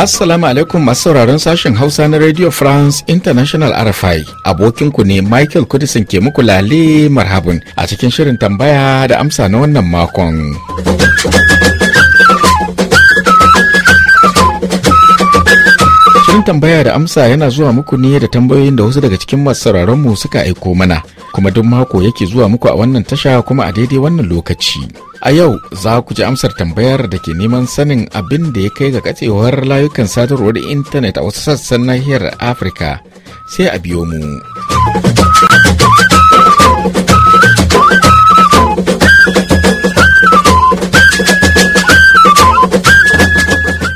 Assalamu alaikum masu sauraron sashen Hausa na Radio France International RFI. Abokinku ne Michael Kudisin ke muku lale marhabun a cikin shirin tambaya da amsa na wannan makon. Shirin tambaya da amsa yana zuwa muku ne da tambayoyin da wasu daga cikin masu mu suka aiko mana, kuma duk mako yake zuwa muku a wannan tasha kuma a daidai wannan lokaci. A yau za ku ji amsar tambayar da ke neman sanin abin da ya kai ga katsewar layukan sadarwar intanet a wasu sassan nahiyar Afirka sai a biyo mu.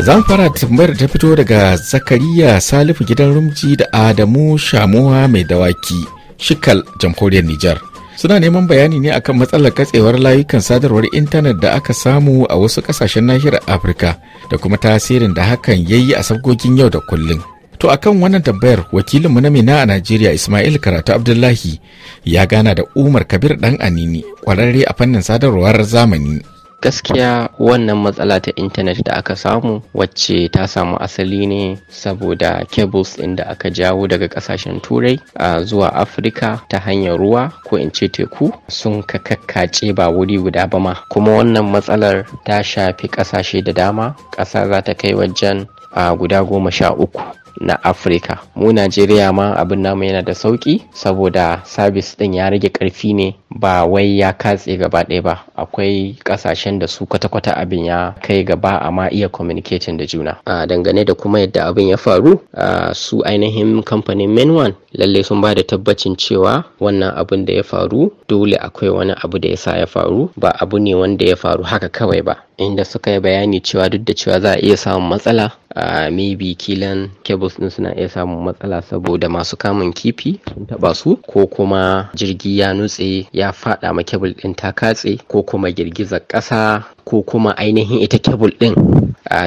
za mu fara tambayar ta fito daga zakariya salifu gidan rumji da adamu shamuwa mai dawaki shikal jamhuriyar nijar suna neman bayani ne akan matsalar katsewar layukan sadarwar intanet da aka samu a wasu kasashen nahiyar afirka da kuma tasirin da hakan ya yi a sabgogin yau da kullum to akan wannan tambayar wakilinmu na mina a najeriya ismail karatu abdullahi ya gana da umar kabir dan anini kwararre a fannin sadarwar zamani gaskiya wannan matsala ta intanet da aka samu wacce ta samu asali ne saboda cables ɗin da aka jawo daga ƙasashen turai a zuwa afirka ta hanyar ruwa ko in ce teku sun kakkace ba wuri guda ba ma kuma wannan matsalar ta shafi ƙasashe da dama ƙasa za ta kai wajen a guda goma sha uku na afirka mu najeriya ma abin namu yana da sauki saboda sabis din ya rage karfi ne ba wai ya katse gaba ɗaya ba akwai ƙasashen da su kwata-kwata abin ya kai gaba amma iya communicating da juna a dangane da kuma yadda abin ya faru a su ainihin kamfanin wan. lallai sun ba da tabbacin cewa wannan abin da ya faru dole akwai wani abu da ya sa ya faru ba abu ne wanda ya faru haka kawai ba inda suka yi bayani cewa duk da cewa za a iya samun matsala a maybe kilan cables din suna iya samun matsala saboda masu kamun kifi sun taba su ko kuma jirgi ya nutse ya fada ma kebul din ta katse ko kuma girgizar ƙasa ko kuma ainihin ita kebul din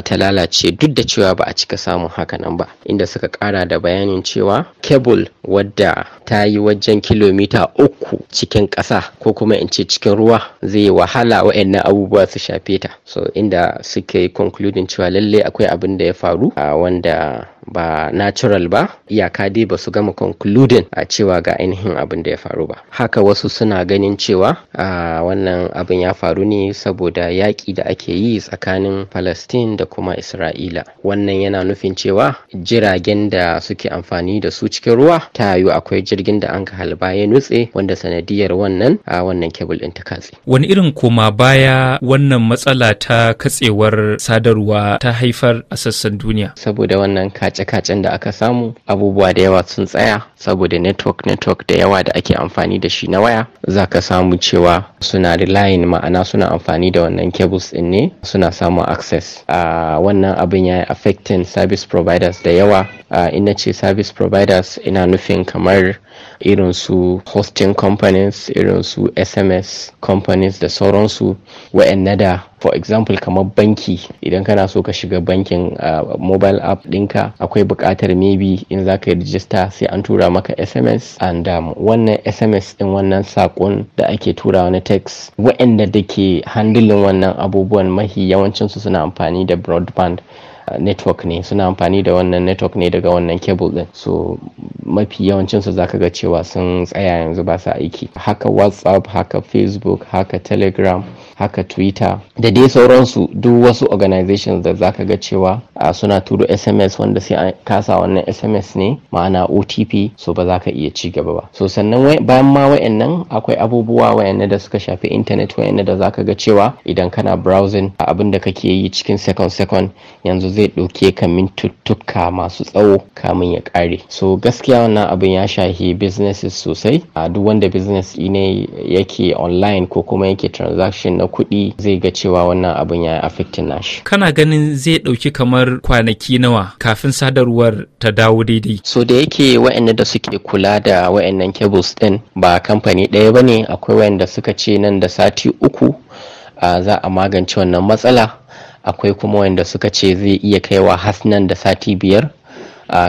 ta lalace duk da cewa ba a cika samun hakanan ba inda suka kara da bayanin cewa kebul wadda ta yi wajen kilomita uku cikin ƙasa ko kuma in ce cikin ruwa zai wahala wa'annan abubuwa su shafe ta so inda suke concluding cewa lallai akwai abin da ya faru a wanda ba natural ba iyaka dai ba su gama concluding a cewa ga ainihin abin da ya faru ba haka wasu suna ganin cewa a wannan abin ya faru ne saboda yaƙi da ake yi tsakanin palestine da kuma isra'ila wannan yana nufin cewa jiragen da suke amfani da su cikin ruwa ta yiwu akwai jirgin da an ka ya nutse wanda sanadiyar wannan a wannan kebul ɗin ta katse wani irin koma baya wannan matsala ta katsewar sadarwa ta haifar a sassan duniya saboda wannan kace-kacen da aka samu abubuwa da yawa sun tsaya saboda network network da yawa da ake amfani da shi na waya za ka samu cewa suna relying ma'ana suna amfani da wannan cables din ne suna samun access a ah, wannan abin ya affecting service providers da yawa Ah, in na ce service providers ina nufin kamar irin su hosting companies irin su sms companies da sauransu wa'anda da for example kamar banki idan kana so ka shiga bankin uh, mobile app dinka, akwai buƙatar maybe in za ka yi rijista sai an tura maka sms and um, wannan sms din wannan saƙon da ake tura wani text wa'anda da ke handling wannan abubuwan mahi yawancinsu suna amfani da broadband network ne suna amfani da wannan network ne daga wannan cable din so mafi yawancin su zaka ga cewa sun tsaya yanzu ba sa aiki haka whatsapp haka facebook haka telegram haka twitter da dai sauransu duk wasu organizations da zaka ga cewa a ah, suna turo sms wanda sai a kasa wannan sms ne ma'ana otp so ba za ka iya ci gaba ba so sannan bayan ma wayannan akwai abubuwa wayannan da suka shafi internet wayannan da ka ga cewa idan kana browsing ah, abin da kake yi cikin second second yanzu zai ɗauke ka mintuttuka masu tsawo kamin ya ƙare so gaskiya wannan abin ya shahi businesses sosai a ah, duk wanda business ne yake online ko kuma yake transaction na kuɗi zai ga cewa wannan abin ya affecting nashi kana ganin zai ɗauki kamar kwanaki nawa kafin sadarwar ta dawo daidai so da yake wa'anda da suke kula da wa'annan cables ɗin, ba kamfani ɗaya ba ne, akwai wa'anda suka ce nan da sati uku za a magance wannan matsala akwai kuma wanda suka ce zai iya kaiwa hasnan da sati biyar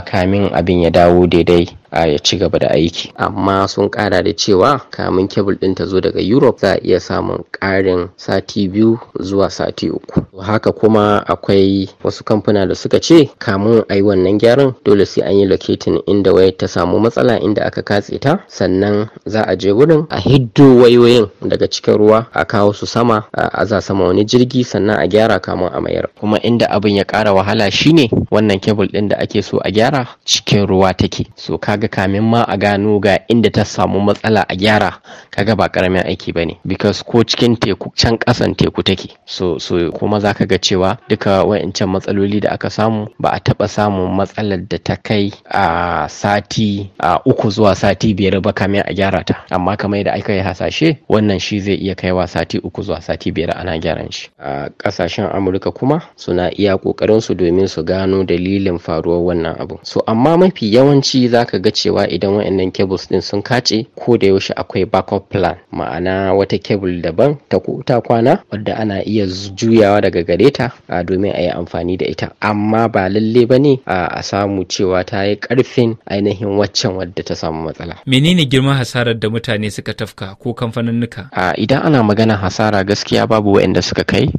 kamin abin ya dawo daidai ya ci gaba da aiki amma sun kara da cewa kamun kebul din ta zo daga europe za a iya samun karin sati biyu zuwa sati uku haka kuma akwai wasu kamfuna da suka ce kamun a yi wannan gyaran dole sai an yi locating inda waya ta samu matsala inda aka katse ta sannan za a je wurin a hiddo wayoyin daga cikin ruwa a kawo su sama a za sama wani jirgi sannan a gyara kamun a mayar kuma inda abin ya kara wahala shine wannan kebul din da ake so a gyara cikin ruwa take so kaga kaga kamin ma a gano ga inda ta samu matsala a gyara kaga ba karamin aiki ba ne because ko cikin teku can kasan teku take so so kuma za ka ga cewa duka wa'ancan matsaloli da aka samu ba a taba samun matsalar da ta kai a sati a uku zuwa sati biyar ba kamin a gyara ta amma kamar da aka yi hasashe wannan shi zai iya kaiwa sati uku zuwa sati biyar ana gyaran shi a kasashen amurka kuma suna iya kokarin su domin su gano dalilin faruwar wannan abu so amma mafi yawanci za ka ga cewa idan waɗannan kebuls din sun kace ko da yaushe akwai backup plan ma'ana wata kebul daban ta ta kwana wadda ana iya juyawa daga gareta, ta domin a yi amfani da ita amma ba lalle ba ne a samu cewa ta yi karfin ainihin waccan wadda ta samu matsala menene girman hasarar da mutane suka tafka ko kamfaninnika idan ana magana hasara gaskiya babu waɗanda suka kai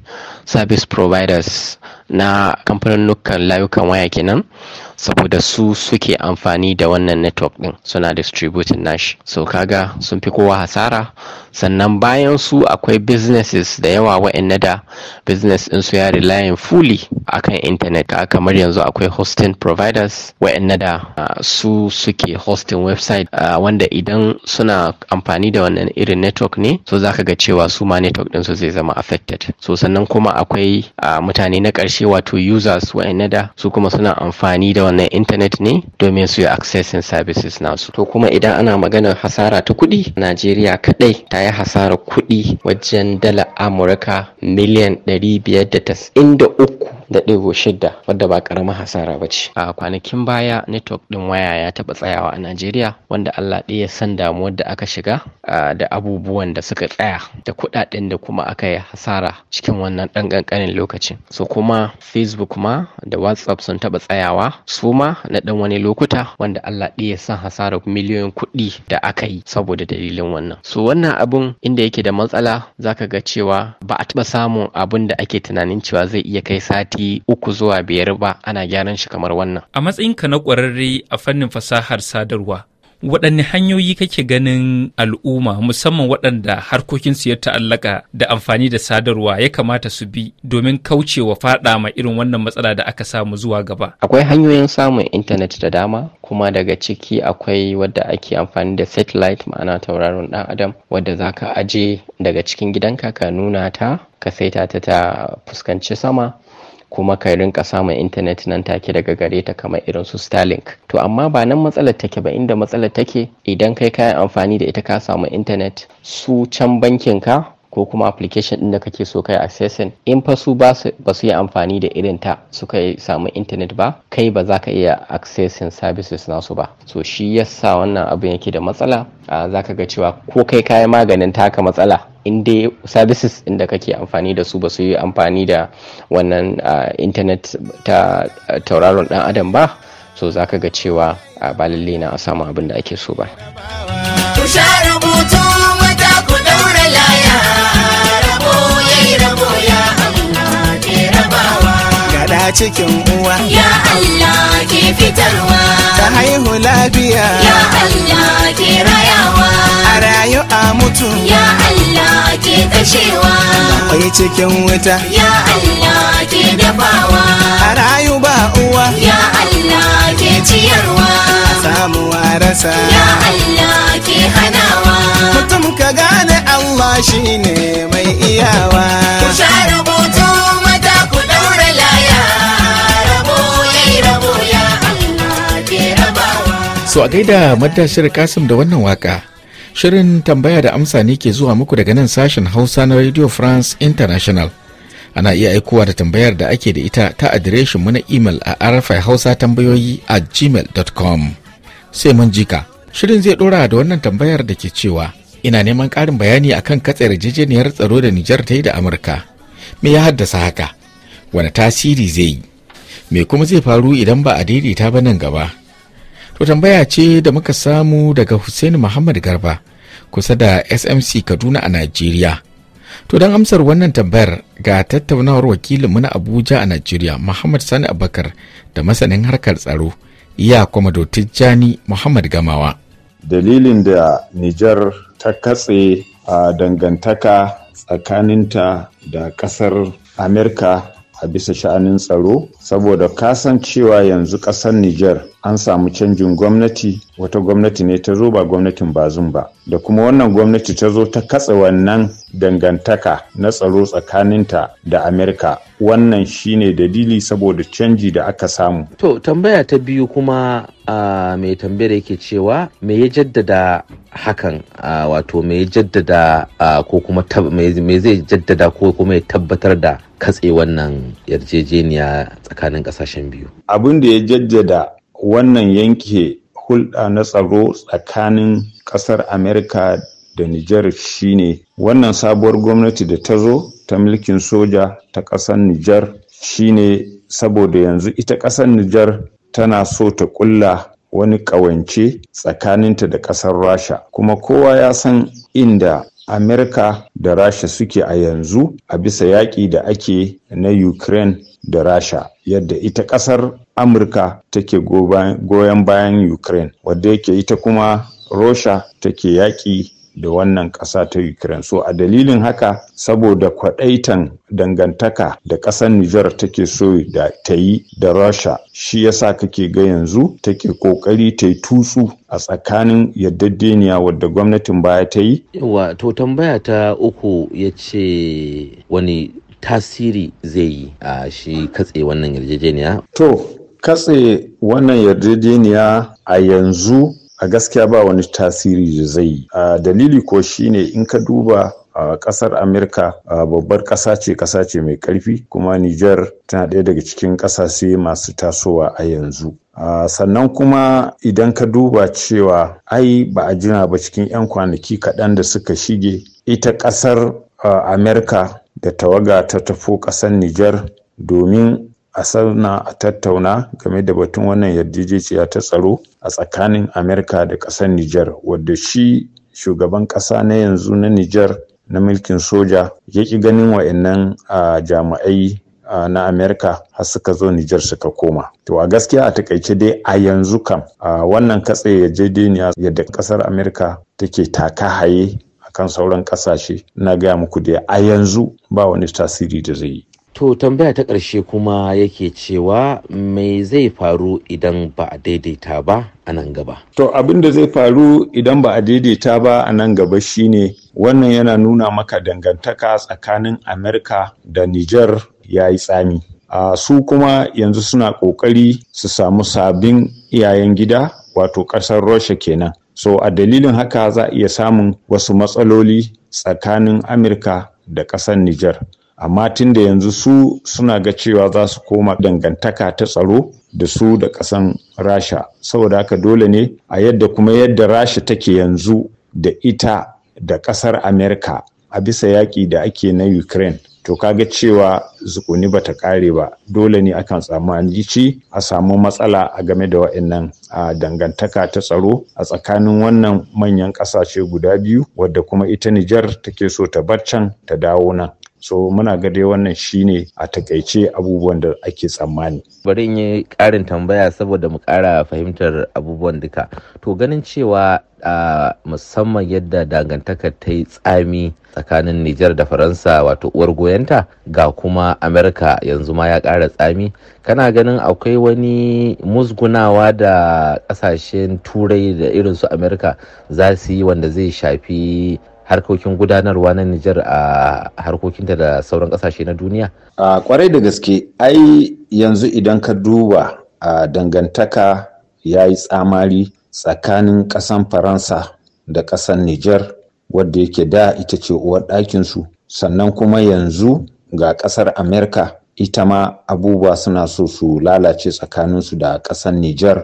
service providers na kamfanin layukan waya kenan saboda su suke amfani da wannan network din suna distributing nashi so kaga sun fi kowa hasara sannan bayan su akwai businesses da yawa wa'anda da business din su ya relying fully akan internet ka kamar yanzu akwai hosting providers wa'anda da su suke hosting website uh, wanda idan suna amfani da wannan irin network ne so zaka ga cewa su ma network din su zai zama affected so sannan kuma akwai uh, mutane na ƙarshe wato users wa'anda da su kuma suna amfani da wannan intanet ne domin su yi accessing services nasu to kuma idan ana maganar hasara ta kuɗi najeriya kaɗai ta yi hasarar kuɗi wajen dala amurka miliyan 593 da ɗigo shida wadda ba karamin hasara ba ce a kwanakin baya network ɗin waya ya taɓa tsayawa a najeriya wanda allah ya san damuwar da aka shiga da abubuwan da suka tsaya da kuɗaɗen da kuma aka yi hasara cikin wannan ɗan ƙanƙanin lokacin so kuma facebook ma da whatsapp sun taɓa tsayawa su ma na ɗan wani lokuta wanda allah ɗaya san hasarar miliyoyin kuɗi da aka yi saboda dalilin wannan so wannan abun inda yake da matsala zaka ga cewa ba a taɓa samun abun da ake tunanin cewa zai iya kai sati minti uku zuwa biyar ba ana gyaran shi kamar wannan. A matsayinka na ƙwararre a fannin fasahar sadarwa, waɗanne hanyoyi kake ganin al'umma musamman waɗanda harkokinsu ya ta'allaka da amfani da sadarwa ya kamata su bi domin kaucewa faɗa ma irin wannan matsala da aka samu zuwa gaba akwai hanyoyin samun intanet da dama kuma daga ciki akwai wadda ake amfani da satellite ma'ana tauraron ɗan adam wadda za ka aje daga cikin gidanka ka nuna ta ka saita ta ta fuskanci sama kuma ka rinka samun intanet nan take daga gare ta kamar irin su starlink to amma ba nan matsalar take ba inda matsalar take idan kai kayan amfani da ita ka samu intanet su can bankin ka ko kuma application din da kake so kai accessing in fa su ba su yi amfani da irin ta suka samu internet ba kai ba za ka iya accessing services nasu ba so shi yasa wannan abin yake da matsala za ka ga cewa ko kai kayan maganin taka matsala in dai services din da kake amfani da su ba su yi amfani da wannan internet ta tauraron dan adam ba so za ka ga cewa ba lalle na a samu abin da ake so ba. cikin uwa ya Allah ke fitarwa ta haihu lafiya ya Allah ke rayawa a rayu a mutu ya Allah ke kashewa akwai cikin wuta ya Allah ke dafawa a rayu ba uwa ya Allah ke ciyarwa a samu a ya Allah ke hanawa mutum ka gane Allah shine mai iyawa ku So a gaida matashir Kasim da wannan waka. Shirin tambaya da amsa ne ke zuwa muku daga nan sashen Hausa na Radio France International. Ana iya aikowa da tambayar da ake da ita ta adireshin mu na imel a arafai hausa tambayoyi a gmail.com. Sai mun jika. Shirin zai dora da wannan tambayar da ke cewa ina neman ƙarin bayani a kan katse yarjejeniyar tsaro da Nijar ta yi da Amurka. Me ya haddasa haka? Wane tasiri zai yi? Me kuma zai faru idan ba a daidaita ba nan gaba? To tambaya ce da muka samu daga Hussein Muhammad Garba kusa da SMC Kaduna a Najeriya. To don amsar wannan tambayar ga tattaunawar wakilinmu na Abuja a Najeriya Muhammad Sani Abakar da masanin harkar tsaro iya kwamado Tijjani Muhammad Gamawa. Dalilin da Nijar ta katse a dangantaka tsakaninta da ƙasar Amerika a bisa sha'anin tsaro saboda kasancewa yanzu kasar Nijar an samu canjin gwamnati wata gwamnati ne ta zo ba gwamnatin bazun ba da kuma wannan gwamnati ta zo ta katse wannan dangantaka na tsaro tsakaninta da amerika wannan shine dalili saboda canji da aka samu to tambaya ta biyu kuma mai tambayar yake cewa me ya jaddada hakan wato me ya jaddada ko kuma me zai jaddada ko kuma ya tabbatar da katse wannan yarjejeniya tsakanin kasashen biyu abin da ya jaddada wannan yanke hulɗa na tsaro tsakanin ƙasar Amerika da Nijar shine. wannan sabuwar gwamnati da ta zo ta mulkin soja ta ƙasar Nijar shine saboda yanzu ita ƙasar Nijar tana so ta ƙulla wani ƙawance tsakaninta da ƙasar Rasha kuma kowa ya san inda Amerika da Rasha suke a yanzu a bisa yaƙi da ake na Ukraine da rasha yadda ita kasar amurka take goyon bayan ukraine wadda yake ita kuma rasha take yaƙi da wannan ƙasa ta Ukraine. So a dalilin haka saboda kwaɗaitan dangantaka da ƙasar Nijar take so da ta yi da rasha shi yasa kake ga yanzu take ƙoƙari ta yi tutsu a tsakanin yaddadeniya wadda gwamnatin baya ta yi? Wato tambaya ta uku ya ce wani tasiri zai yi a shi katse wannan yarjejeniya? To, katse wannan yarjejeniya a yanzu a gaskiya ba wani tasiri zai yi. A dalili ko shine in ka duba a kasar Amerika babbar kasa ce kasa ce mai ƙarfi, kuma Nijar tana ɗaya daga cikin ƙasashe masu tasowa a yanzu. Uh, sannan kuma idan ka duba cewa ai ba a jina ba cikin 'yan kwanaki kaɗan da suka shige ita ƙasar uh, amerika da tawaga ta tafo ƙasar Nijar domin a sana a tattauna game da batun wannan yarjejeciya ta tsaro a tsakanin Amerika da ƙasar Nijar wadda shi shugaban ƙasa na yanzu na Nijar na mulkin soja ya ki ganin wa'annan jami'ai na Amerika har suka zo Nijar suka koma. To a gaskiya a takaice dai a yanzu kam wannan katse yarjejeniya yadda kasar Amerika take taka haye kan sauran kasashe na gaya muku da a yanzu ba wani tasiri da zai yi to tambaya ta ƙarshe kuma yake cewa me zai faru idan ba a daidaita ba a nan gaba to abin da zai faru idan ba a daidaita ba a nan gaba shine wannan yana nuna maka dangantaka tsakanin amerika da niger ya yi tsami A su kuma yanzu suna ƙoƙari su samu sabbin iyayen gida wato ƙasar Rasha kenan so a dalilin haka za a iya samun wasu matsaloli tsakanin amurka da ƙasar nijar amma tun da yanzu su suna ga cewa za su koma dangantaka ta tsaro da su da ƙasan rasha saboda haka dole ne a yadda kuma yadda rasha take yanzu da ita da ƙasar amerika a bisa yaƙi da ake na ukraine to ka ga cewa zukuni bata kare ba dole ne akan tsammani ci a samu matsala a game da wa'annan dangantaka ta tsaro a tsakanin wannan manyan ƙasashe guda biyu wadda kuma ita Nijar take so ta bar can ta dawo nan so muna ga dai wannan shine a takaice abubuwan da ake tsammani bari in yi karin tambaya saboda mu kara fahimtar abubuwan duka to ganin cewa a musamman yadda dangantaka ta yi tsami tsakanin Nijar da Faransa wato uwar goyanta ga kuma Amerika yanzu ma ya ƙara tsami kana ganin akwai wani musgunawa da ƙasashen turai da irinsu Amerika za su yi wanda zai shafi harkokin gudanarwa na Nijar a harkokinta da sauran kasashe na duniya? A kwarai da gaske, ai yanzu idan ka duba a dangantaka ya yi tsamari tsakanin ƙasan Faransa da ƙasan Nijar wadda yake da ita ce uwar ɗakinsu, sannan kuma yanzu ga ƙasar Amerika ita ma abubuwa suna so su lalace tsakaninsu da ƙasan Nijar.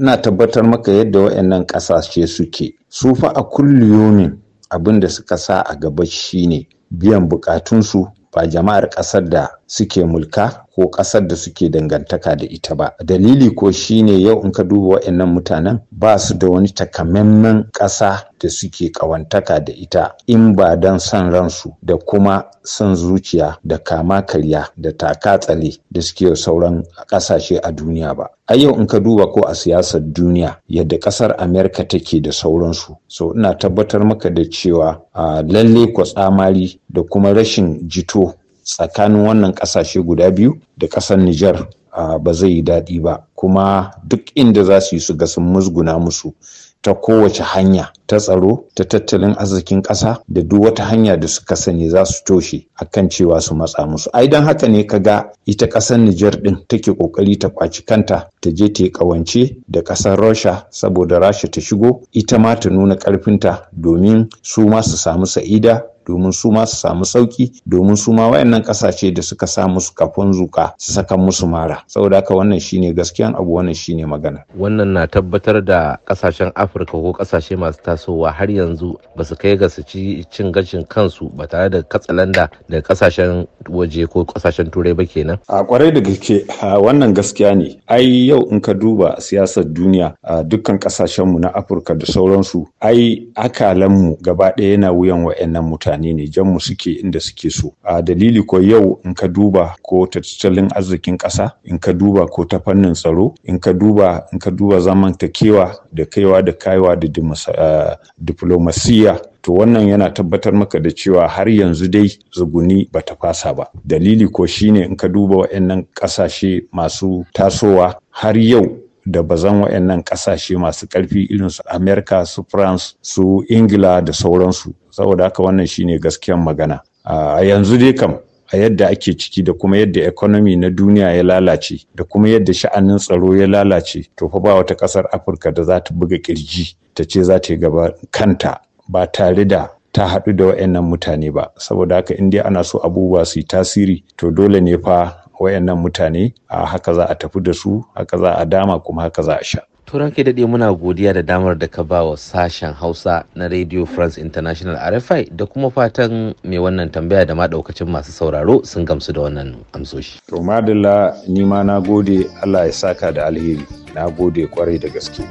Ina tabbatar maka yadda waɗannan ƙasashe suke. Su fa a kulliyomin abin da suka sa a gaba shine biyan bukatunsu ba jama'ar ƙasar da suke mulka ko ƙasar da suke dangantaka da ita ba dalili ko shine yau in ka duba wa'annan mutanen ba su da wani takamaiman ƙasa da suke ƙawantaka da ita in ba don son ransu da kuma son zuciya da kama karya da taka tsale da suke sauran ƙasashe a duniya ba a yau in ka duba ko a siyasar duniya yadda ƙasar amerika take da sauransu so ina tabbatar maka da cewa ah, lalle kwatsamari da kuma rashin jito tsakanin wannan kasashe guda biyu da ƙasar Nijar ba zai yi daɗi ba kuma duk inda za su yi su ga sun musguna musu ta kowace hanya ta tsaro ta tattalin arzikin ƙasa da duk wata hanya da suka sani za su toshe akan cewa su matsa musu ai don haka ne ka ga ita ƙasar Nijar ɗin take ƙoƙari ta kwaci kanta ta je ta ƙawance da ƙasar Rasha saboda Rasha ta shigo ita ma ta nuna ƙarfinta domin su ma su samu sa'ida domin su ma su samu sauki domin su ma wayannan kasashe da suka sa musu kafin zuka su saka musu mara saboda haka wannan shine gaskiyan abu wannan shine magana wannan na tabbatar da kasashen afirka ko kasashe masu tasowa har yanzu ba su kai ga su ci cin gashin kansu ba tare da katsalanda da kasashen waje ko kasashen turai ba kenan a kwarai da gaske wannan gaskiya ne ai yau in ka duba siyasar duniya a dukkan mu na afirka da sauransu ai akalanmu gaba ɗaya yana wuyan wa'annan mutane mutane ne jan mu suke inda suke so a dalili ko yau in ka duba ko tattalin arzikin ƙasa in ka duba ko ta fannin tsaro in ka duba in ka duba zamantakewa da kaiwa da kaiwa da diplomasiya to wannan yana tabbatar maka da cewa har yanzu dai zuguni ba ta fasa ba dalili ko shine in ka duba waɗannan ƙasashe masu tasowa har yau da bazan waɗannan ƙasashe masu ƙarfi irin su Amerika su France su Ingila da sauransu saboda haka wannan shine gaskiyan magana a yanzu dai kam a yadda ake ciki da kuma yadda economy na duniya ya lalace da kuma yadda sha'anin tsaro ya lalace to fa ba wata ƙasar Afirka da za ta buga ƙirji ta ce za ta yi gaba kanta ba tare da ta haɗu da waɗannan mutane ba saboda haka in dai ana so abubuwa su yi tasiri to dole ne fa wayannan mutane a haka za a tafi da su haka za a dama kuma haka za a sha turan ke daɗe muna godiya da damar da ka ba wa sashen hausa na radio france international rfi da kuma fatan mai wannan tambaya da maɗaukacin masu sauraro sun gamsu da wannan amsoshi to madalla ni ma na gode allah ya saka da alheri na gode kwarai da gaske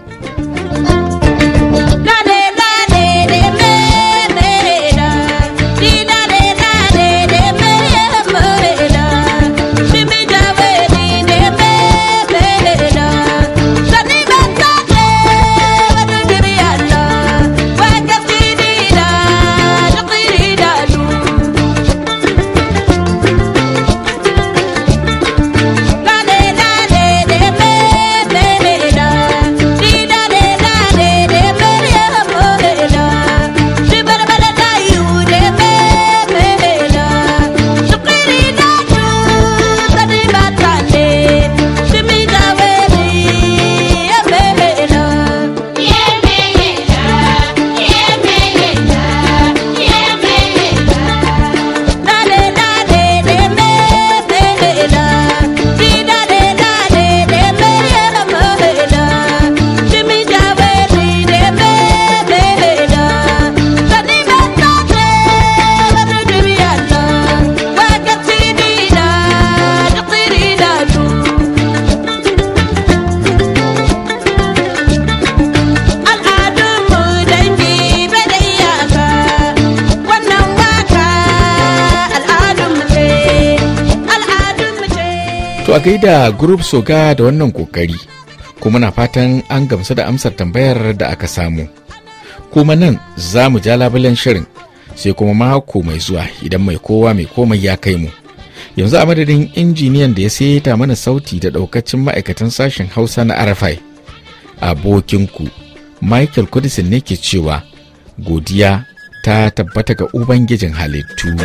a gaida group soga da wannan kokari kuma na fatan an gamsu da amsar tambayar da aka samu kuma nan za mu ja labulen shirin sai kuma mako mai zuwa idan mai kowa mai komai ya kai mu yanzu a madadin injiniyan da ya saita mana sauti da daukacin ma'aikatan sashen hausa na arafai abokinku michael kudisin ne ke cewa godiya ta tabbata ga ubangijin halittu.